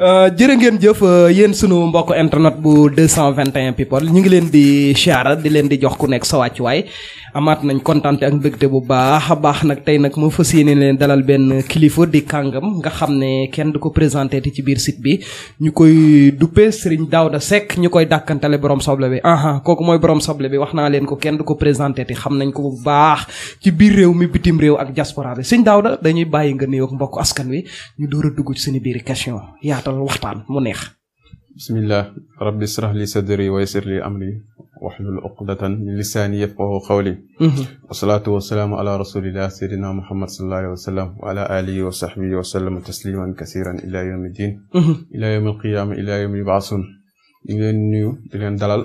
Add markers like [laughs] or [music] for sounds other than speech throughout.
Euh, jërë ngeen jëf euh, yéen sunu mbokk internet bu 221 people ñu ngi leen di siyaara di leen di jox ku nekk sa wàccuwaay amaat nañ kontante ak mbégte bu baax a baax nag tey nag moo fas yéene leen dalal benn kilifa di kàngam nga xam ne kenn du ko présenter présenté ci biir sit bi ñu koy duppe Serigne da Seck ñu koy dàkkantale borom soble bi aha kooku mooy borom soble bi wax naa leen ko kenn du ko présenté ti xam nañ ko bu baax ci biir réew mi bitim réew ak diaspora bi Serigne Daouda dañuy bàyyi nga nuyoog mbokk askan wi ñu door a dugg ci suñu biir question yaatal waxtaan mu neex bismillah rabbi israh li sadri wa yassir li amri waxlul uqdatan min lisaani yafqahu qawli mhm. wasalaatu wasalaamu ala rasulillah sayyidina muhammad sallallahu alayhi wa sallam wa ala alihi wa sahbihi wa sallama tasliman kasiran ila yawmi din mhm. ila yawmi alqiyama ila yawmi yubaasun ñu ngi leen nuyu di leen dalal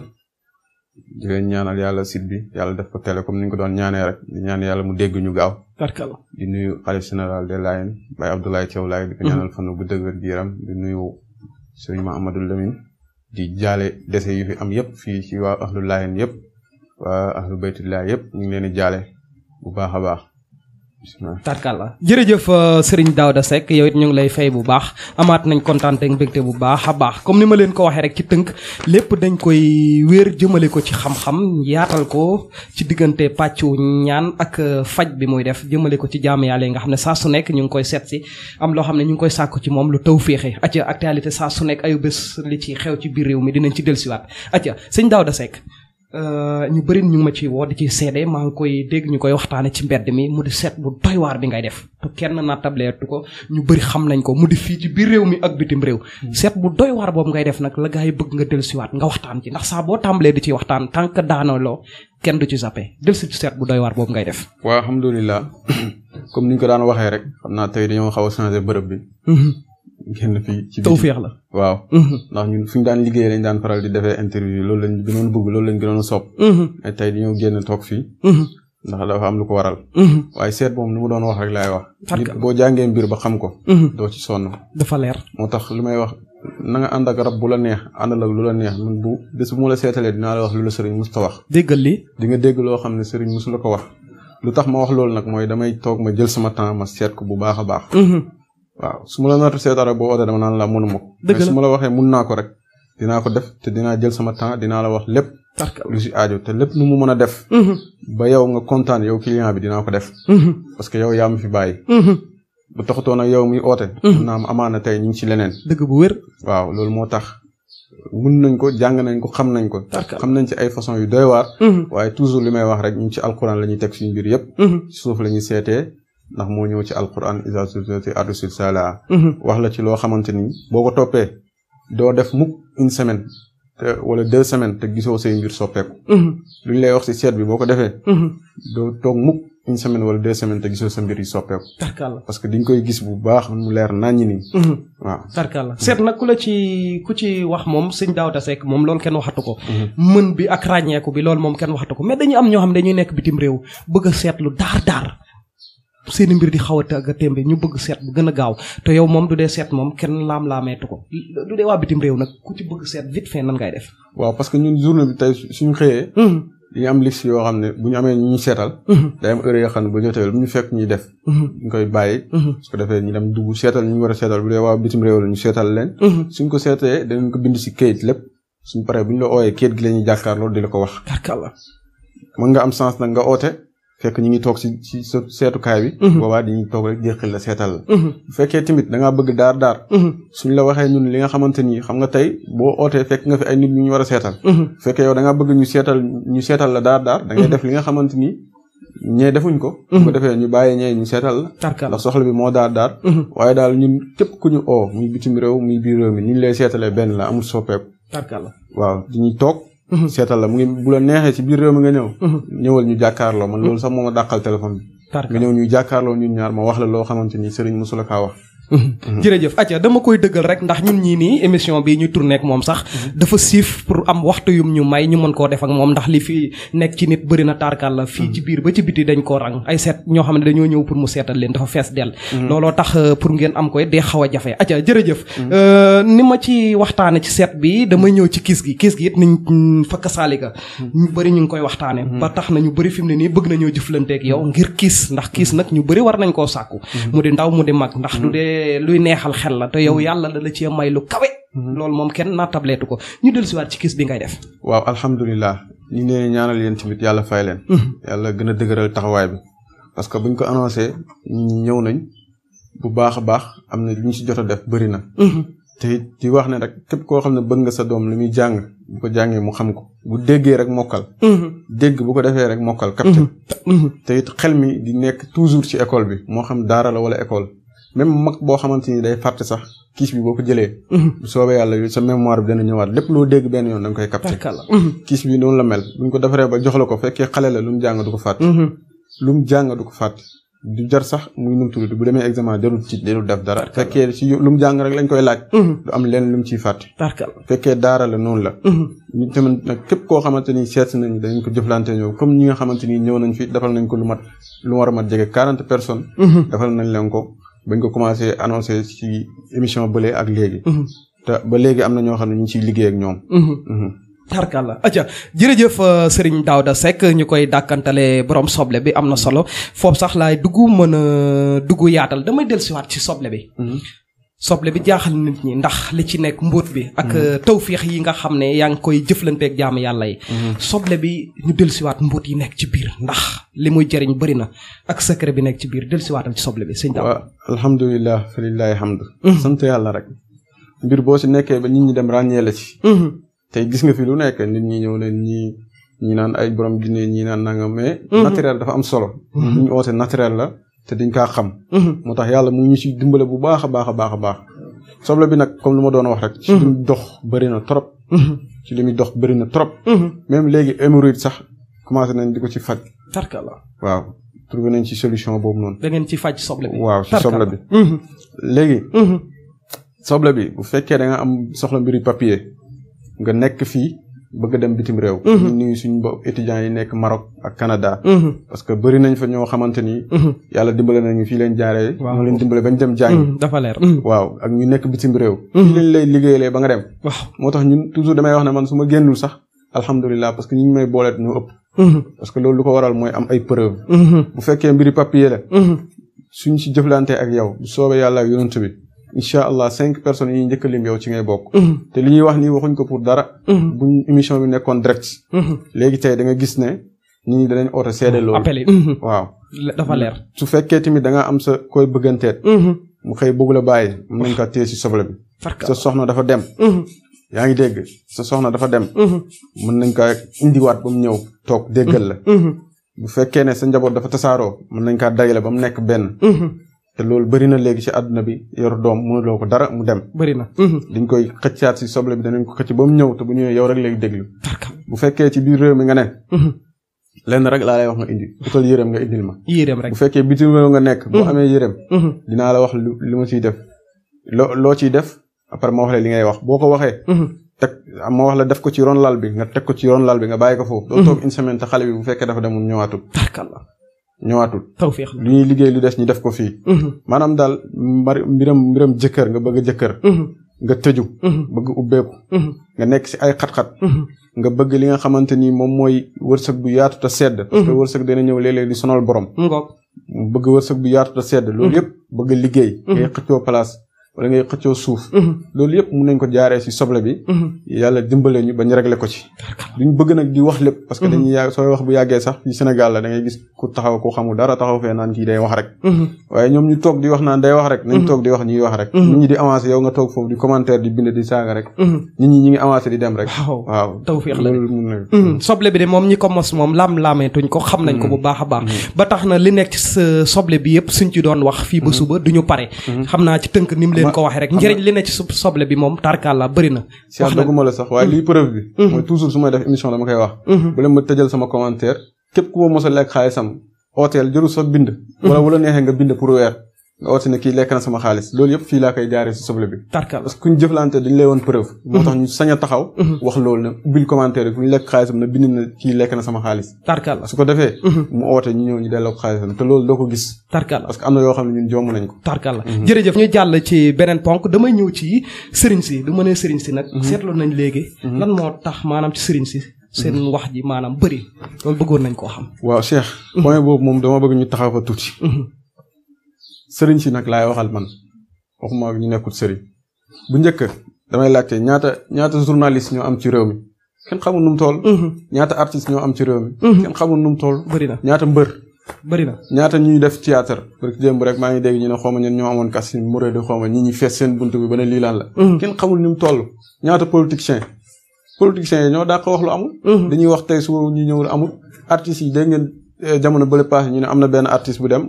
di leen ñaanal yàlla sit bi yàlla def ko télé comme ni ñu ko doon ñaanee rek di ñaan yàlla mu dégg ñu gaaw tarkala di nuyu xalifa général des Layènes Baye Abdoulaye Thiaw Laye di bu dëgër biiram di nuyu sëriñ Mahamadou Lamine di jaale dese yu fi am yëpp fii ci waa ahlu Layène yëpp waa ahlu baytullaah yëpp ñu ngi leen di jaale bu baax a baax tarkal la jërëjëf euh, sëriñ Daouda Seck yow it ñu ngi lay fay bu baax amaat nañ kontaan ak mbégte bu baax a baax comme ni ma leen ko waxee rek ci tënk lépp dañ koy wéer jëmale ko ci xam-xam yaatal ko ci diggante wu ñaan ak euh, faj bi muy def jëmale ko ci jaamu yàlla yi nga xam ne saa su nekk ñu ngi koy seetsi am loo xam ne ñu ngi koy sàkku ci moom lu taw féexe acca actualité saa su nekk ayu bés li ci xew ci biir réew mi dinañ ci dellusiwaat acca Serigne Daouda Seck Euh, ñu bëri ñu ma ci woo di ci seede maa ngi koy dégg ñu koy waxtaane ci mbedd mi mu di seet bu doy waar bi ngay def kenn na tableetu ko ñu bëri xam nañ ko mu di fii ci biir réew mi ak bitim réew hmm. seet bu doy waar boobu ngay def nag la gaa yi bëgg nga dellusiwaat nga waxtaan ci ndax saa boo tàmbalee di ci waxtaan tant que daanaloo kenn du ci zappé dellusi ci seet bu doy waar boobu ngay def waaw alhamdulilah [coughs] comme ni ñu ko daan waxee rek xam naa tey dañoo xaw a changé bërëb bi hmm. génn fii ci tawféex la waaw mhm. ndax ñun fu ñu daan liggéey lañ daan faral di defee interview loolu lañ gënoon bëgg loolu lañ gënoon sopp mais mhm. tey dañoo génn toog fii mhm. ndax dafa am lu ko waral waaye seet moom lu mu doon wax rek laay wax boo jàngee mbir ba xam ko doo ci sonn dafa leer moo tax li may wax na nga ànd rab bu la neex àndal ak lu la neex man bu bés bu mu la seetalee dinaa la wax lu la sëriñ mus ta wax déggal li di nga dégg loo xam ne sëriñ mosu la ko lu tax ma wax loolu nag mooy damay toog ma jël sama temps ma seet bu baax a waaw su ma la nar seetaare boo ootee dama naan la mënuma ko. dëgg la su ma la waxee mun naa ko rek dinaa ko def te dinaa jël sama temps dinaa la wax lépp. lu si aajo te a def. Mm-hmm. ba yow nga kontaan yow client bi dinaa mm-hmm. mm-hmm. oote. naa am amaana tey ñu ngi ci leneen. dëgg bu wér. waaw loolu moo tax. mun nañ ko jàng nañ ko xam nañ ko. xam nañ ci ay façon yu doy waar. waaye toujours li may wax rek ñu ci alxuraan la ñuy teg suñu mbir yëpp. suuf la ñuy seetee. ndax moo ñëw ci alquran mhm. wax la ci loo xamante ni boo ko toppee doo def mukk une semaine te wala deux semaines te gisoo say mbir soppeeku mhm. lu lay wax si seet bi boo ko defee mhm. doo toog mukk une semaine wala deux semaines te gisoo sa mbir yi soppeeku tarkalla parce que di koy gis bu baax mu leer naññi nii waaw tarkalla seet nag ku la ci ku ci wax moom sëñ Daouda Seck moom lool kenn waxatu ko mën bi ak ràññeeku bi loolu moom kenn waxatu ko mais dañu am ñoo xam ne dañuy nekk bitim réew bëgg a seetlu daar daar seen mbir di xaw a a tembe ñu bëgg seet bu gën a gaaw te yow moom du dee seet moom kenn laam-laameetu ko du dee waa bitim réew nag ku ci bëgg seet vite fait nan ngay def. waaw parce que ñun journée bi tey suñu xëyee. Mm-hmm. dañu am liste seetal. Mm-hmm. Mm-hmm. a leen. suñ ko seetee danañ ko bind si kayit lépp suñ paree bu ñu la ooyee kayit gi la ñuy jàkkaarloo di la ko wax. mën nga am sens nag nga oote fekk ñu ngi toog si si sa seetukaay bi mhm. boobaa dañuy toog rek jéqil la seetal la bu mhm. fekkee tamit da bëgg daar daar mhm. suñ la waxee ñun li nga xamante nii xam nga tey boo ootee fekk nga fi ay nit ñu ñu war a seetal fekkee yow da bëgg ñu seetal ñu seetal la daar daar da def li nga xamante nii ñee defuñ ko bu ko defee ñu bàyyi ñee ñu seetal la ndax soxla bi moo daar daar waaye daal ñun képp ku ñu oo muy bitim réew muy biir réew mi ni ñu lay seetalee benn la amul soppeeku waaw dañuy toog Mhm. seetal la mu ngi bu la neexee ci biir réew mi nga ñëw mhm. ñëwal ñu jàkkaarloo man mhm. loolu sax moo a dàqal téléphone bi nga ñëw ñu jàkkaarloo ñun ñaar ma wax la loo xamante ni sëriñ mosula kaa wax Mhm. jërëjëf acca dama koy dëggal rek ndax ñun ñii nii émission bi ñu tourné moom sax mhm. dafa siif pour am waxtu yum ñu may ñu mën koo def ak moom ndax li fi nekk ci nit bëri na taarkal la fii ci mhm. biir ba ci biti dañ koo rang ay seet ñoo xam ne dañoo ñëw pour mu seetal leen dafa fees dell looloo tax euh, pour ngeen am koy dee xaw a jafe acca jërëjëf euh, ni ma ci waxtaane ci seet bi damay ñëw ci kiis gi kiis gi it niñ fakka saalika ñu bari ñu ngi koy waxtaane ba tax na ñu bëri fi mu ne nii bëgg nañoo jëflanteeg yow ngir kiis ndax kiis nag ñu bëri war nañ koo sàkku luy neexal xel la te yow hmm. yàlla da la cee may lu kawe. Hmm. loolu moom kenn naa tabletu ko ñu dellusiwaat ci kiis bi ngay def. waaw alhamdulilah ñu ne ñaanal yéen tamit yàlla fay leen. Hmm. yàlla gën a dëgëral taxawaay bi. parce que buñ ko annoncé ñi ñëw nañ bu baax a baax am na lu ñu si jot a def bëri na. te it di wax ne rek képp koo xam ne bëgg nga sa doom li muy jàng bu ko jàngee mu xam ko bu déggee rek mokkal. dégg bu ko defee rek mokkal. capté te it xel mi di bi moo xam daara la même mag boo xamante ni day fàtte sax kiis bi boo ko jëlee. Mhm. bu soobee yàlla sa mémoire bi dana ñëwaat lépp loo dégg benn yoon da nga koy capté. Mhm. Mhm. kiis bi noonu la mel buñ ko defaree ba jox la ko fekkee xale la lu mu jàng du ko fàtte. du jar sax muy num tudd bu demee examen jarul ci jarul def dara. fekkee si lu mu jàng rek lañ koy fekkee daara la noonu la. ñu tamit nag ni seet nañ dañ ko jëflante ñoom comme nga xamante ni ñëw nañ fi defal nañ ko lu mat lu a mat jege quarante personnes. defal nañ leen ko. bañ ko commencé annoncé ci émission bële ak léegi. Mhm. te ba léegi am na ñoo xam ne ñu ngi ciy liggéey ak ñoom. Mhm. Mhm. tarkalla aja jërëjëf euh, Serigne Daouda Seck ñu koy dàkkantale borom soble bi am na solo foofu sax laay duggu mën a dugg yaatal damay dellusiwaat ci soble bi. soble bi jaaxal nit ñi ndax li ci nekk mbóot bi ak mm-hmm. euh, tawféex yi nga xam ne yaa ngi koy jëflanteeg jaamu yàlla yi mm-hmm. soble bi ñu dellusiwaat mbóot yi nekk ci biir ndax li muy jëriñ bëri na ak secret bi nekk ci biir dellusiwaatal ci soble bi sëñ daam alhamdulilah falilahi hamd mm-hmm. boo si nekkee ba nit ñi dem ràññee la ci tey gis nga fi lu nekk nit ñi ñëw leen ñi ñi naan ay borom jinne ñi naan nangam mais naturel dafa am solo ñu oote naturel la te dañ kaa xam. Mhm. moo tax yàlla mu ñu ci dimbale bu baax a baax a baax a baax soble bi nag comme lu ma doon wax rek. ci li mhm. muy dox bëri na trop. Mhm. ci li muy dox bëri na trop. même léegi hémorroïde sax commencé nañ di ko ci faj. tarkala waaw trouvé nañ ci solution boobu noonu. da ngeen ci faj soble bi. waaw ci soble bi. léegi. soble bi bu fekkee da am soxla mbiri papier nga nekk fii. bëgg dem bitim réew. Mhm. ñu nuyu suñu bopp étudiants yi nekk Maroc ak Canada. Mhm. parce que bëri nañ fa ñoo xamante ni. Mhm. yàlla dimbale nañu fii leen jaaree. waaw leen dimbale bañ dem jàng. dafa leer waaw ak ñu nekk bitim réew. fii lañ lay ba nga dem. waaw moo tax ñun toujours damay wax ne man su ma génnul sax alhamdulilah parce que ñu may booleet ñu ëpp. parce que loolu lu ko waral mooy am ay preuve bu fekkee mbiri papier la. suñ si jëflante incha allah cinq personnes yi njëkk a lim yow ci ngay bokk. Mhm. te li ñuy wax nii waxuñ ko pour dara. Mhm. buñ émission bi nekkoon direct. Mhm. léegi tey da nga gis ne nit ñi danañ oote seede loolu. appelé waaw. dafa leer. su fekkee tamit danga nga am sa koy bëgganteet. mu xëy bëgg la bàyyi mën nañ ko téye si soble bi. sa soxna dafa dem. yaa ngi dégg sa soxna dafa dem. mën nañ kaa indiwaat ba mu ñëw toog déggal la. bu fekkee ne sa njaboot dafa tasaaroo mën nañ kaa dajale ba mu nekk benn. te loolu bëri na léegi ci àdduna bi yor doom mënuloo ko dara mu dem. bëri na. Mhm. dañ koy xëccaat si soble bi danañ ko xëcc ba mu ñëw te bu ñëwee yow rek lay déglu. bu fekkee ci réew mi nga ne. Mhm. lenn rek laa lay wax nga indi utal yërëm nga indil ma. yërëm rek bu fekkee bitim réew nga nekk. boo mhm. amee yërëm. dinaa la wax lu li ma ciy def. loo loo ciy def après ma wax la li ngay wax boo ko waxee. teg ma wax la def ko ci ron lal bi nga teg ko ci ron lal bi nga bàyyi ko foofu. doo toog une semaine te xale bi bu fekkee dafa demoon ñëwaatul. ñëwaatul tawféex lu ñuy liggéey lu des ñu def ko fii mm-hmm. maanaam daal mbiram mbiram jëkkër nga bëgg a jëkkër mm-hmm. nga tëju mm-hmm. bëgg ubbeeku nga nekk ci ay xat-xat nga bëgg li nga xamante ni moom mooy wërsëg bu yaatu te sedd parce que wërsëg dina ñëw léeg-léeg di sonal borom bëgg wërsëg bu yaatu sedd loolu yëpp bëgg liggéey ngay xëccoo place wala ngay xëccoo suuf. Mhm. loolu yëpp mun nañ ko jaaree si soble bi. Mhm. yàlla dimbale ñu ba ñu réglé ko ci. duñ bëgg nag di wax lépp. parce que mhm. dañuy da ngay gis ku taxaw ku xamul dara taxaw fee naan kii day wax rek. waaye ñoom ñu toog di wax naan day wax rek. nañ toog di wax ñuy wax rek. di avancé yow nga toog foofu di commentaire di bind di saaga rek. nit waaw tawfeex la loolu ko mos xam nañ ko bu baax a baax. ba tax na li nekk ci soble bi yëpp suñ ci doon wax fii ba suba duñu pare xam naa ci tënk ni leen leen ko waxee rek njëriñ li ne ci soble bi moom tarkalla bëri na wax doguma la sax waaye lii preuve bi mhm. mooy toujours su may def émission dama koy wax mhm. bu leen ma tëjal sama commentaire képp ku ma mos a lekk xaalisam ooteel jëru sa bind mhm. wala wala neexee nga bind pour weer nga oote ne kii lekk na sama xaalis loolu yëpp fii laa koy jaaree si soble bi tarkal parce que ku jëflante dañ lay woon preuve mhm. moo tax ñu sañ a taxaw mhm. wax loolu ne ubbil commentaire yi ku ñu lekk xaalisam sama xaalis tarkal su ko defee mhm. mu oote ñu ñëw ñu delloo ko xaalisam te ko gis tarkal parce que am na yoo xam ne ñun joomu nañ ko jàll ci beneen ponk damay ñëw ci sëriñ si du ma nee sëriñ si nag seetlu nañ léegi lan moo tax maanaam ci sëriñ si seen wax ji maanaam bëri loolu bëggoon nañ koo xam waaw Cheikh point boobu moom dama bëgg ñu taxaw fa tuuti sëriñ si nag laay waxal man waxuma ñu nekkul sëriñ bu njëkk damay laajte ñaata ñaata journaliste ñoo am ci réew mi kenn xamul nu mu toll. Mhm. ñaata artiste ñoo am ci réew mi. Mhm. kenn xamul nu mu toll. bëri na ñaata mbër. bëri na ñaata ñuy def théâtre parce que démb rek maa ngi dégg ñu ne xaw ma ñen ñoo amoon kas mu rëy di xaw ma ñi ñi fees seen bunt bi ba ne lii lan la. Mhm. kenn xamul ni mu toll ñaata politicien politiciens yi ñoo daa wax lu amul. dañuy wax tey su ñu ñëwul amul artistes yi dégg ngeen eh, jamono bële paase ñu ne am na bu dem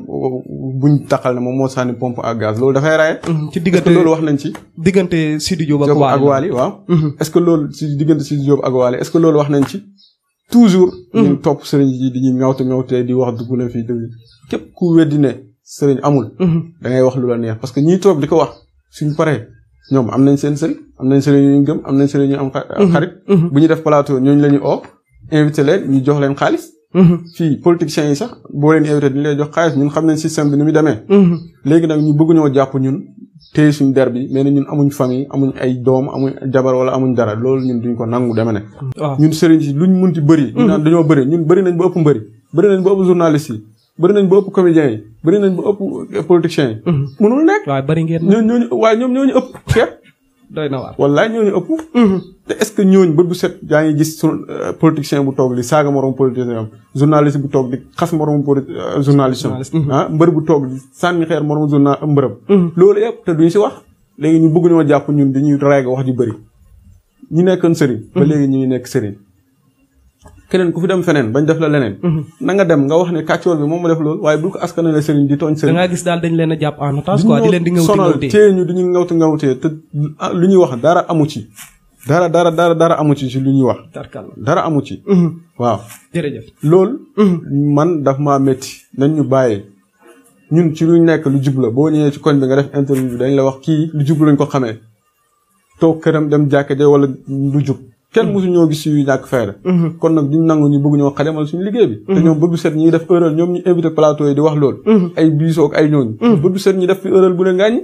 buñ taxal ne moom moo sànni pompe à gaz loolu dafay raye. Mhm, ci diggante loolu wax nañ ci. diggante Sidi Diop ak Waly waaw. Mhm. est loolu ci diggante Sidi Diop ak Waly est loolu wax nañ ci toujours. Mhm. ñu topp sëriñ yi di ñuy ñawte ñawte di wax dugg na fii dëgg képp ku weddi ne sëriñ amul. da ngay wax lu la neex parce que toog di ko wax suñ paree ñoom am nañ seen sëriñ am nañ sëriñ ñu gëm am nañ sëriñ am. xarit bu ñu def plateau ñooñu la ñu oo invité ñu jox leen xaalis. fii politiciens yi sax boo leen éviter dañu lay jox xaalis ñun xam nañ système bi ni muy demee. léegi nag ñu bëgg jàpp ñun téye suñu der bi mais ñun amuñ famille amuñ ay doom amuñ jabar wala amuñ dara loolu ñun duñ ko nangu deme ne. ñun sëriñ si luñ munti bëri. ñu naan dañoo bëri ñun bëri nañ ba ëpp mbëri bëri nañ ba ëpp journaliste yi. bëri nañ ba ëpp comédiens yi bëri nañ ba ëpp politiciens yi. mënul nekk. waaye ñoom ñooñu ëpp xeet. doy na waar wallaay ñooñu ëpp. Mhm. te est-ce que ñooñu bët set yaa ngi gis euh, politicien bu toog di saaga morom politicien am bu toog di xas morom euh, journaliste am. Mhm. ah mbër bu toog di sànni xeer morom journal mbërëm. Mhm. loolu yëpp te duñ si wax léegi ñu bëgg ñoo jàpp ñun dañuy raay wax ju bëri. ñu nekkoon sëriñ. ba léegi ñu ngi nekk sëriñ. keneen ku fi dem feneen bañ def la leneen mhm. na nga dem nga wax ne kàccoor bi moom ma def loolu waaye bul ko askanale sëriñ di tooñ sëriñ leen a jàpp en otage di ñu di ngawtee te lu ñuy wax dara amu ci dara dara dara dara amu ci si lu ñuy wax dara amu ci mhm. waaw jërëjëf loolu mhm. man daf maa metti nañ ñu bàyyi ñun ci luñ nekk lu jub la boo ñëwee ci koñ bi nga def interview dañ la wax kii lu jub lañ ko xamee toog këram dem jàkke de wala lu jub kenn mosu ñoo gis yu ñàkk fayda mhm. kon nag duñ nangu ñu bëgg ñoo xajamal suñu liggéey bi mhm. te ñoom bëgg set ñuy def erreur ñoom ñu invité plateau yi di wax loolu mhm. ay biisoo ak ay ñooñu bëgg set ñi def fi erreur bu ne ngaaññi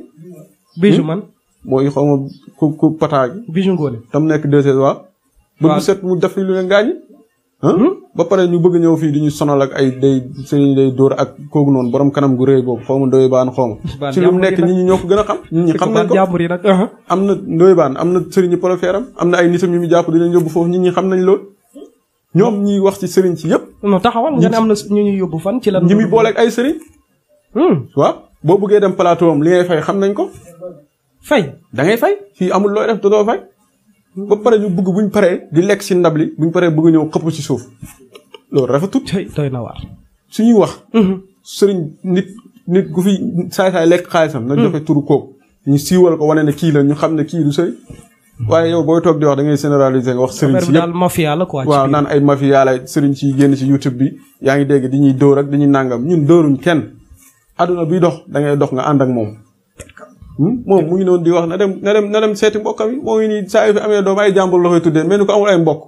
biisu hmm? man mooy xaw ma ku ku pataa gi biisu ngoone tam nekk deux waaw bëgg set mu def lu ne ngaaññi Hmm? ba pare ñu bëgg ñëw fii di ñu sonal ak ay day sëriñ day dóor ak kooku noonu borom kanam gu rëy boobu xaw ma ndoy baan xaw ma ci lu mu nekk ñi ñi ñoo ko gën a xam ñi ñi xam nañ ko am na ndoy baan am na sëriñu profeeram am na ay nitam yu jàpp di leen yóbbu foofu ñi ñi xam nañ loolu ñoom ñuy wax ci sëriñ ci yëpp non taxawal nga ne am na ñu ñuy yóbbu fan ci lan ñi muy booleeg ay sëriñ hmm. waaw boo bëggee dem plateau am li ngay fay xam nañ ko fay da ngay fay fii amul looy def doo fay ba pare ñu bëgg buñ paree di lekk si ndab li ñu paree bugg ñëw xëpp ci suuf loolu rafetut. doy na waar suñuy wax. Mm-hmm. sëriñ nit nit ku fi saay saay lekk xaalisam. na joxe mm-hmm. turu kooku ñu siiwal ko wane ne kii la ñu xam ne kii du sëriñ. waaye yow booy toog di wax da ngay généraliser nga wax. sëriñ si yëpp mafia la quoi. waaw naan ay mafia la sëriñ si génn si YouTube bi yaa ngi dégg di ñuy dóor ak di ñuy nàngam ñun dóoruñ kenn. àdduna bi dox da ngay dox nga ànd ak moom Hmm? moom mu ngi noonu di wax na dem na dem na dem seeti mbokka yi moo ngi nii fi amee doom ay jàmbur la koy tuddee mel ni ko amul ay mbokk.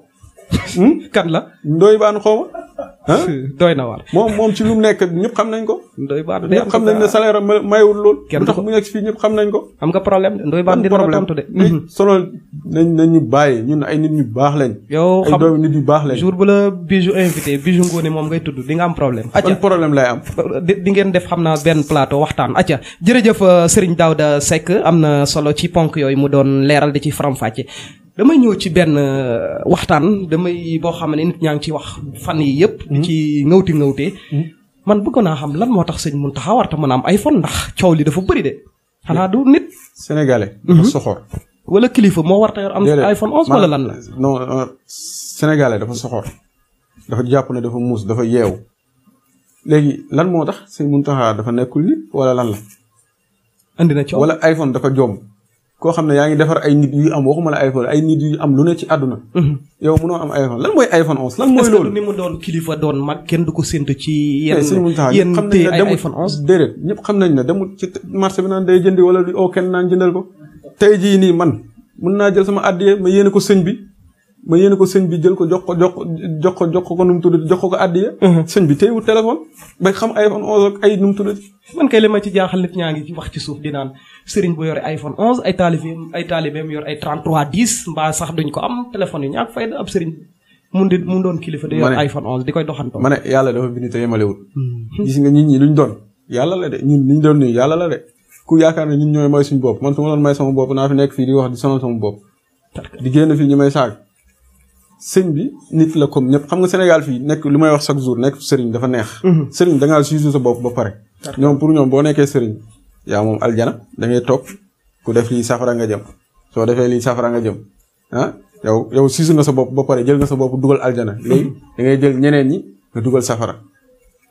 Hmm? [laughs] kan la Ndoye Bane xaw ma [laughs] doy na waar moom moom ci lu mu nekk ñëpp xam nañ ko doy waar xam nañ ne salaire am mayewul lool lu tax mu nekk fii ñëpp xam nañ ko xam nga problème de doy waar dina la tontu de mhm. sonal nañ nañ ñu bàyyi ñun ay nit ñu baax lañ yow xam ay doom nit ñu baax lañ jour bu bijou invité bijou ngoone moom ngay tudd di nga am problème acca problème lay am di ngeen def xam naa benn plateau waxtaan acca jërëjëf daaw euh, Daouda sekk am na solo ci ponk yooyu mu doon leeral di ci faram damay ñëw ci benn euh, waxtaan damay boo xam ne nit ñaa ngi ci wax fan yi yëpp. Hmm. ci ngawti ngawtee hmm. man bëgg naa xam lan moo tax sëñ mun war ta mën a am iPhone ndax coow li dafa bëri de. xanaa du nit. sénégalais. Mhm. dafa wala kilifa moo war am. iPhone 11 wala lan la. non euh, sénégalais dafa soxor. dafa jàpp ne dafa muus dafa yeew léegi lan moo tax sëñ Mountakha dafa nekkul nit wala lan la. andi na coow wala iPhone dafa jomb. koo xam ne yaa ngi defar ay nit yu am waxuma la iPhone ay nit yu am lu ne ci àdduna. Mhm. yow mënoo am iPhone lan mooy iPhone 11 lan mooy loolu. ni mu doon kilifa doon mag kenn du ko séntu ci. yenn eh, yenn tey ay iPhone 11 déedéet ñëpp xam nañ ne demul ci bi naan day jëndi wala du oo oh, kenn naan jëndal ko. tey jii nii man mën naa jël sama addiya ma yéene ko sëñ bi. ma yéene ko sëñ bi jël ko jox ko jox ko jox ko ko mu tuddati jox ko ko àddiya mhm. sëñ bi téyewul téléphone ba xam iPhone 11 ak ay nu mu tuddati ñaa ngi ci wax ci suuf di naan sëriñ bu yore iPhone yor ay 3310 mbaa sax duñ ko am téléphone yi ñaak fayda ab sëriñ mun doon kilifa di yor iPhone 11 di koy yàlla dafa bind te yemalewul mhm. gis nga nit ñi luñ doon yàlla la de ñun liñ doon nii yàlla la de ku yaakaar ne ñun ñooy may suñ bopp man su doon may sama bopp naa fi nekk fii di wax di sonal sama bopp di génn fii ñu may saag sëñ bi nit la comme ñëpp xam nga Sénégal fii nekk lu may wax chaque jour nekk sëriñ dafa neex. Mhm. sëriñ da ngaa juge sa bopp ba pare. ñoom pour ñoom boo nekkee sëriñ yaa moom aljana da ngay toog ku def lii safara nga jëm soo defee lii safara nga jëm ah yow yow juge nga sa bopp ba pare jël nga sa bopp dugal aljana mhm. léegi da ngay jël ñeneen ñi nga dugal safara.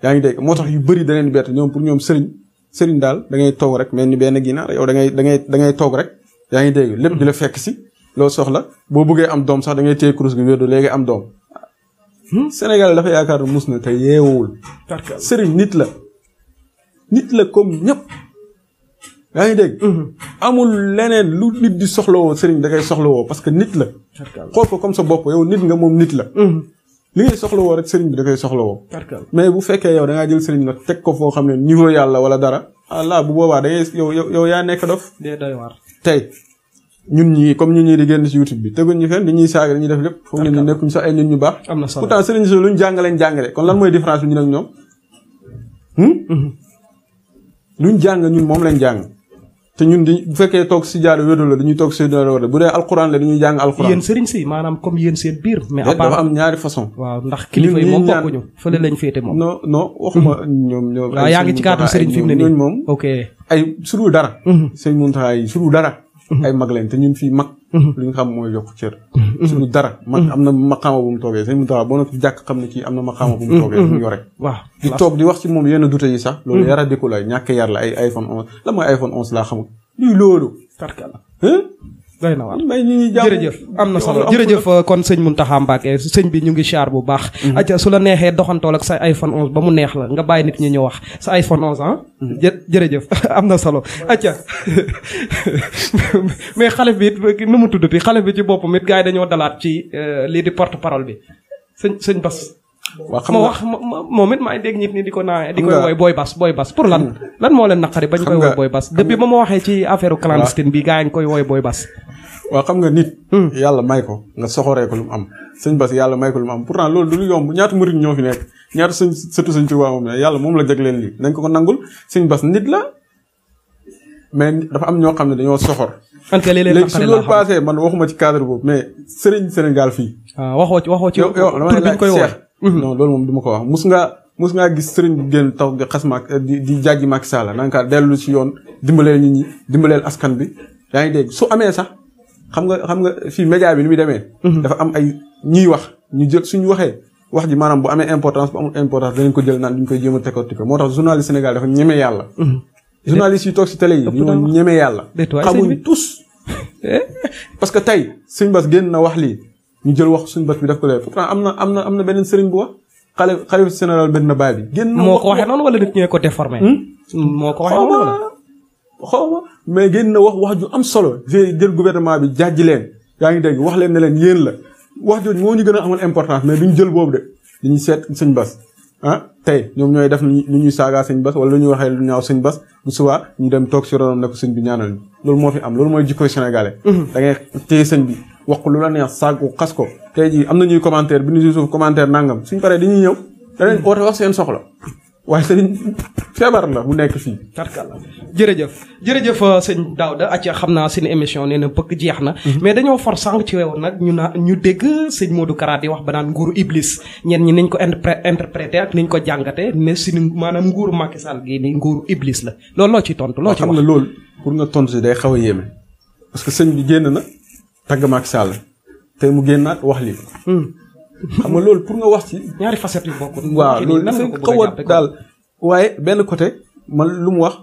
yaa ngi dégg moo tax yu bëri da leen bett ñoom pour ñoom sëriñ sëriñ daal da ngay toog rek mel ni benn ginaar yow da ngay da ngay da ngay toog rek yaa ngi dégg lépp di la fekk si loo soxla boo bëggee am doom sax da ngay téye kurus gi wér léegi am doom. Hmm? Sénégal dafa yaakaar mus na te yeewul. sëriñ nit la. nit la comme ñëpp. yaa ngi dégg. Hmm. amul leneen lu nit di soxlawoo sëriñ da koy soxlawoo parce que nit la. xool ko comme sa bopp yow nit nga moom nit la. Hmm. li ngay woo rek sëriñ bi da koy soxlawoo. mais bu fekkee yow da ngaa jël sëriñ nag teg ko foo xam ne niveau yàlla wala dara. allah bu boobaa da ngay yow yow yaa nekk dof. day doy ñun ñii comme ñun ñi di génn ci youtube bi teguñ ñu fenn di ñuy saaga dañuy def lépp foog ngeen ñu nekkuñ sax ay nit ñu baax am na solo sëriñ si hmm? mhm. jàng ñun moom lañ jàng te ñun di bu fekkee toog si jaadu wéeru la dañuy toog si bu dee alxuraan la dañuy jàng alxuraan yéen si maanaam comme yéen seen biir mais à part dafa am ñaari façon waaw ndax kilifa yi moom féete moom non non waxuma mhm. ñoom ñoom ah, yaa ngi ci kaatam sëriñ fi mu ne nii moom ok ay suru dara mhm. sëriñ Mountakha yi suru dara Mm-hmm. ay mag lañ te ñun fii mag mm-hmm. li nga xam mooy yokk cër mm-hmm. suñu dara mag am na maqaama bu mu toogee sëñ mu dara boo na jàkk xam ne kii am na maqaama bu mu toogee mu yore di toog di wax ci moom yenn dute yi sax loolu yara dikku la ñàkk yar la ay iPhone 11 la mooy iPhone 11 laa xamul lii loolu doy na waar jërëjëf am na solo jërëjëf euh, kon sëñ Mountakha Mbacké sëñ bi ñu ngi char bu baax mhm. aca su la neexee doxantool ak sa iPhone 11 ba mu neex la nga bàyyi nit ñi ñu wax sa iPhone 11 ah mhm. jërëjëf [laughs] am na solo aca [laughs] mais xale bi it nu mu tudd tuddati xale bi ci boppam it gars yi dañoo dalaat ci euh, lii di porte parole bi sëñ sëñ Bass waaw xam nga wax moom it maa ngi dégg nit ñi di ko naa di koy wooy booy bas booy bas pour lan hmm. lan moo leen naqari bañ koy wooy booy bas depuis ba ma waxee ci affaire clandestine bi gaa koy wooy booy bas waaw hmm. yàlla may ko nga soxoree ko lu mu am sëñ bas yàlla may ko ñoo fi nekk ñaata sëñ sëtu sëñ Tuubaa moom ne yàlla moom la am ñoo xam ne dañoo soxor léegi su loolu passé man waxuma ci cadre boobu mais sëriñ Sénégal fii ah, waxoo ci waxoo ci yow dama ne la koy Mhm. non loolu moom du ko wax mus ngaa mus ngaa gis sëriñ bu génn taw di xas Macky di di jàjji Macky Sall naan ka dellu ci yoon dimbaleel nit ñi dimbaleel askan bi yaa ngi dégg su amee sax xam nga xam nga fii média bi ni muy demee. Mhm. dafa am ay ñuy wax ñu jël suñu waxee. wax ji maanaam bu amee importance bu amul importance danañ ko jël naan duñ koy jéem a tekkatiko moo tax journaliste Sénégal dafa ñeme yàlla mhm. journaliste yi toog si télé yi dañoo ñeme yàlla xamuñ [laughs] eh? que tey Sëñ Bass génn na wax lii ñu jël wax suñu bët bi daf ko lee pourtant am na am na am na beneen sëriñ bu wax xale xale général benn baay bi. génn moo waxee noonu wala nit ñooy ko déformé. Hmm? moo ko waxee noonu wala xaw mais génn na wax wax ju am solo jël gouvernement bi jàjj leen yaa ngi dégg wax leen na leen yéen la wax jooju moo ñu gën a amal importance mais ñu jël boobu de ñu seet sëñ bas. ah tey ñoom ñooy def lu ñuy saagaa sëñ bas wala lu ñuy waxee lu ñaaw sëñ bas bu subaa ñu dem toog si ronam ne ko sëñ bi ñaanal ñu loolu moo fi am loolu mooy jikkoy sénégalais. Hmm. da ngay wax ko lu la neex saag xas ko tey jii am na ñuy commentaire bi nu si suuf commentaire nangam suñ di dañuy ñëw danañ oote wax seen soxla waaye sëriñ feebar la bu nekk fii. tarkalla jërëjëf jërëjëf euh, sëñ daaw Daouda acca xam naa seen émission nee na bëgg jeex na. Mhm. mais dañoo for sànq ci wew nag ñu naa ñu dégg sëñ moo Modou Kara di wax ba naan nguuru Iblis ñen ñi nañ ko interpré interprété ak niñ ko jàngate ne suñu maanaam nguuru Macky Sall gii nii nguuru Iblis la loolu loo ciy tontu. loo ci wax xam nga loolu pour nga tontu si day xaw a yéeme parce que sëñ bi génn na. tagg Macky Sall tey mu génnaat wax lii. Hmm. xam nga loolu pour nga wax ci. ñaari facettes yi bokk. waaw loolu dafa xaw a daal waaye benn côté man lu mu wax.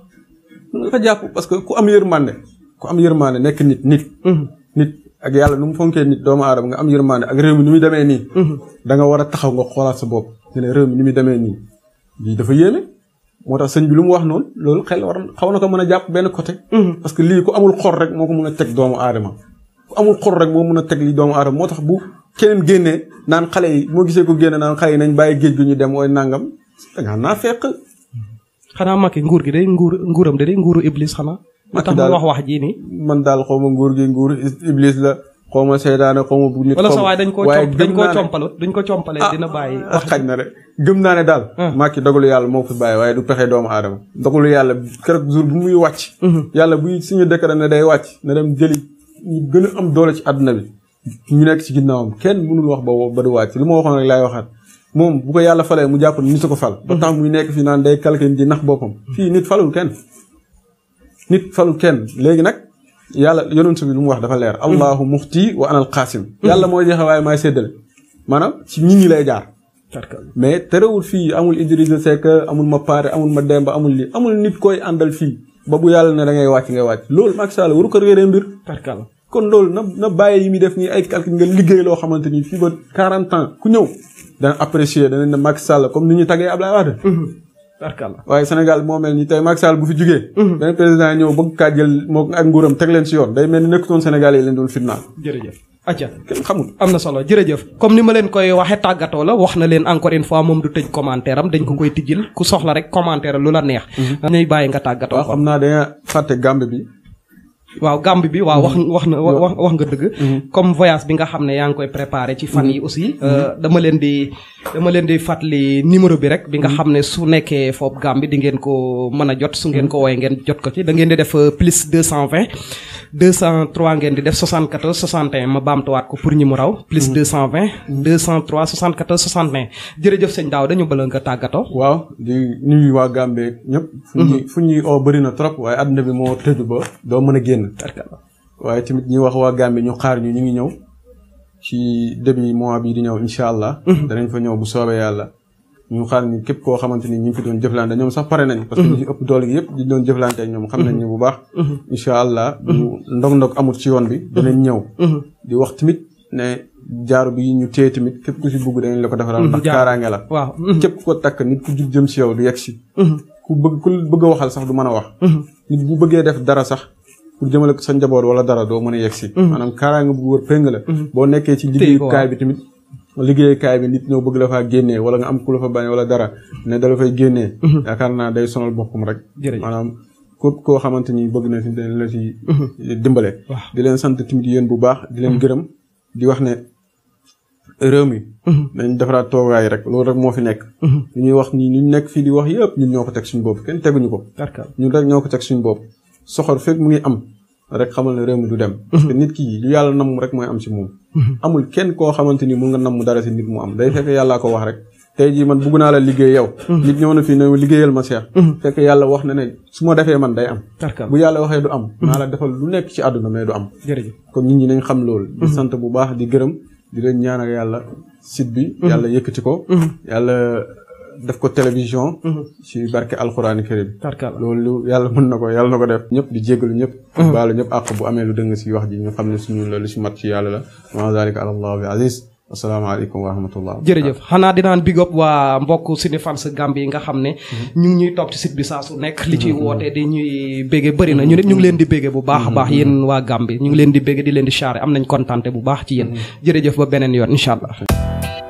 nga jàpp parce que ku am yërmande. ku am yërmande nekk nit nit. Hmm. nit ak yàlla nu mu fonkee nit doomu aadama nga am yërmande ak réew mi muy demee nii. Hmm. da nga war a taxaw nga xoolaat sa bopp. nga ne ni dafa yéeme. moo bi lu mu wax noonu loolu xel war xaw na ko mën a jàpp benn côté. parce que lii ku amul xor rek moo ko mën a teg doomu aadama. amul xor rek moo mën a teg li doomu aadama moo tax bu keneen génnee naan xale yi moo gisee ko génne naan xale yi nañ bàyyi géej gi ñu dem ooy nangam dangaa naa fekk. xanaa Macky nguur gi day nguur nguuram da day nguuru Iblis ma tax mu wax wax jii nii. man daal xaw ma nguur gi nguuru Iblis la. xaw ma seydaane xaw ma bu nit. wala sa waay dañ koo dañ koo compal dañ ko compalee ah, dina bàyyi. Ah, wax xaj na rek gëm naa ne daal. Ah. Macky dogalu yàlla moo fi bàyyi waaye du pexe doomu aadama. dogalu yàlla keroog jour bu muy wàcc. Mhm. yàlla buy suñu décret ne day wàcc na dem ñu gën a am doole ci àdduna bi ñu nekk ci ginnaawam kenn mënul wax ba ba du wàcc li ma waxoon rek laay waxaat moom bu ko yàlla falee mu jàpp ni nit ko fal ba tax muy nekk fi naan day calcul di nax boppam fii nit falul kenn nit falul kenn léegi nag yàlla yonent bi lu mu wax dafa leer allahu muxti wa anal qaasim yàlla mooy jeexe waaye maay séddale maanaam ci nit ñi lay jaar mais terewul fii amul Idrissa Seck amul ma paare amul ma demb amul lii amul nit koy àndal fii ba bu yàlla na da ngay wàcc ngay wàcc loolu Macky waru ko réeree mbir kon loolu na na bàyyi yi muy def nii ay calcul nga liggéey loo xamante ni fii ba 40 ans ku ñëw dana apprécier dana ne Macky Sall comme ni ñu tagee Ablaye Wade tarkalla mhm. waaye Sénégal moo mel ni tey Macky bu fi jugee mhm. benn président ñëw bëgg kaa jël moo ak nguuram teg leen si yoon day mel ni nekkutoon Sénégal yi leen doon fitnaal jërëjëf acca xamul am na solo jërëjëf comme ni ma leen koy waxe tàggatoo la wax na leen encore une fois moom du tëj commentaire am dañ ko koy tijjil ku soxla rek commentaire lu la neex mhm. ñuy bàyyi nga tàggatoo waaw am naa danga fàtte gambe bi waaw gambi bi waaw wax wax na wax wax nga dëgg mhm. comme voyage bi nga xam ne yaa ngi koy préparé ci fan yi mhm. aussi euh, dama leen di dama leen di fàttali numéro bi rek bi nga xam ne su nekkee foofu gambi di ngeen ko mën a jot su ngeen ko wooye ngeen jot ko ci da ngeen di def euh, plus 220 cent 203 ngeen di def 74 61 ma baamtuwaat ko pour ñi mu raw. plus 220 203 74 61 jërëjëf sëñ daaw dañu bëla nga tàggatoo. waaw di nuyu waa Gambie ñëpp. fu ñuy mm-hmm. oo bëri na trop waaye àdduna bi moo tëju ba doo mën a génn. waaye tamit ñi wax waa Gambie ñu xaar ñu ñu ngi ñëw ci début mois bi di ñëw incha allah. Mm-hmm. danañ fa ñëw bu soobee yàlla. ñu xaar ni képp koo xamante ni ñu ngi fi doon jëflante ñoom sax pare nañ parce que ñu ci ëpp doole gi yëpp di doon jëflante ak ñoom xam nañ ñu bu baax incha allah bu ndog ndog amul ci yoon bi dinañ ñëw di wax tamit ne jaaru bi ñu téye tamit képp ku si bugg danañ la ko defaral ndax kaaraange la waaw képp ko takk nit ku jub jëm si yow du yegg si ku bëgg ku bëgg a waxal sax du mën a wax nit bu bëggee def dara sax pour jëmale sa njaboot wala dara doo mën a liggéeykaay bi nit ñoo bëgg la faa génnee wala nga am ku la fa bañ wala dara ne dala fay génnee mhm. yaakaar naa day sonal boppam rek maanaam képp koo xamante ni bëgg na si dañ la si mhm. dimbale di leen sant tamit yéen bu baax di leen mhm. gërëm di wax ne réew mi dañ defaraat toogaay rek loolu rek moo fi nekk lu wax ni ñu nekk fii di wax yëpp ñoo ko teg suñu bopp kenn teguñu ko ñun rek ñoo ko teg suñu bopp soxor fekk mu ngi am rek xamal ne réew mi du dem parce nit ki lu yàlla nam rek mooy am si moom Mhm. amul kenn koo xamante ni mun nga namm dara si nit mu am day fekk yàllaa ko wax rek tey jii man bugg naa la liggéey yow mhm. nit ñëw na fii ne liggéeyal ma seex mhm. fekk yàlla wax na ne su ma defee man day am bu yàlla waxee du am naa la defal lu nekk ci àdduna mais du am jërëjëf kon nit ñi nañ xam loolu di sant bu baax di gërëm di leen ñaan ak yàlla sit bi yàlla yëkkati ko yàlla def ko télévision. Mhm. ci barke alxuraani karim. loolu yàlla mën na ko yàlla na ko def. ñëpp di jéggalu ñëpp. Mhm. baalu ñëpp àq bu amee lu dëng ci wax ji ñu xam ne suñu la lu ci mat ci yàlla la ma zalika alallaahu bi aziz. asalaamaaleykum wa rahmatullah jërëjëf xanaa dinaan big up waa mbokk sini fans Gambie yi nga xam ne mhm. ñu ngi ñuy toog ci site bi saa su nekk li ci woote di ñuy bége bëri na ñu nit ñu ngi leen di bége bu baax a baax yéen waa Gambie ñu ngi leen di bége di leen di charré am nañ kontante bu baax ci yéen jërëjëf ba beneen yoon incha allah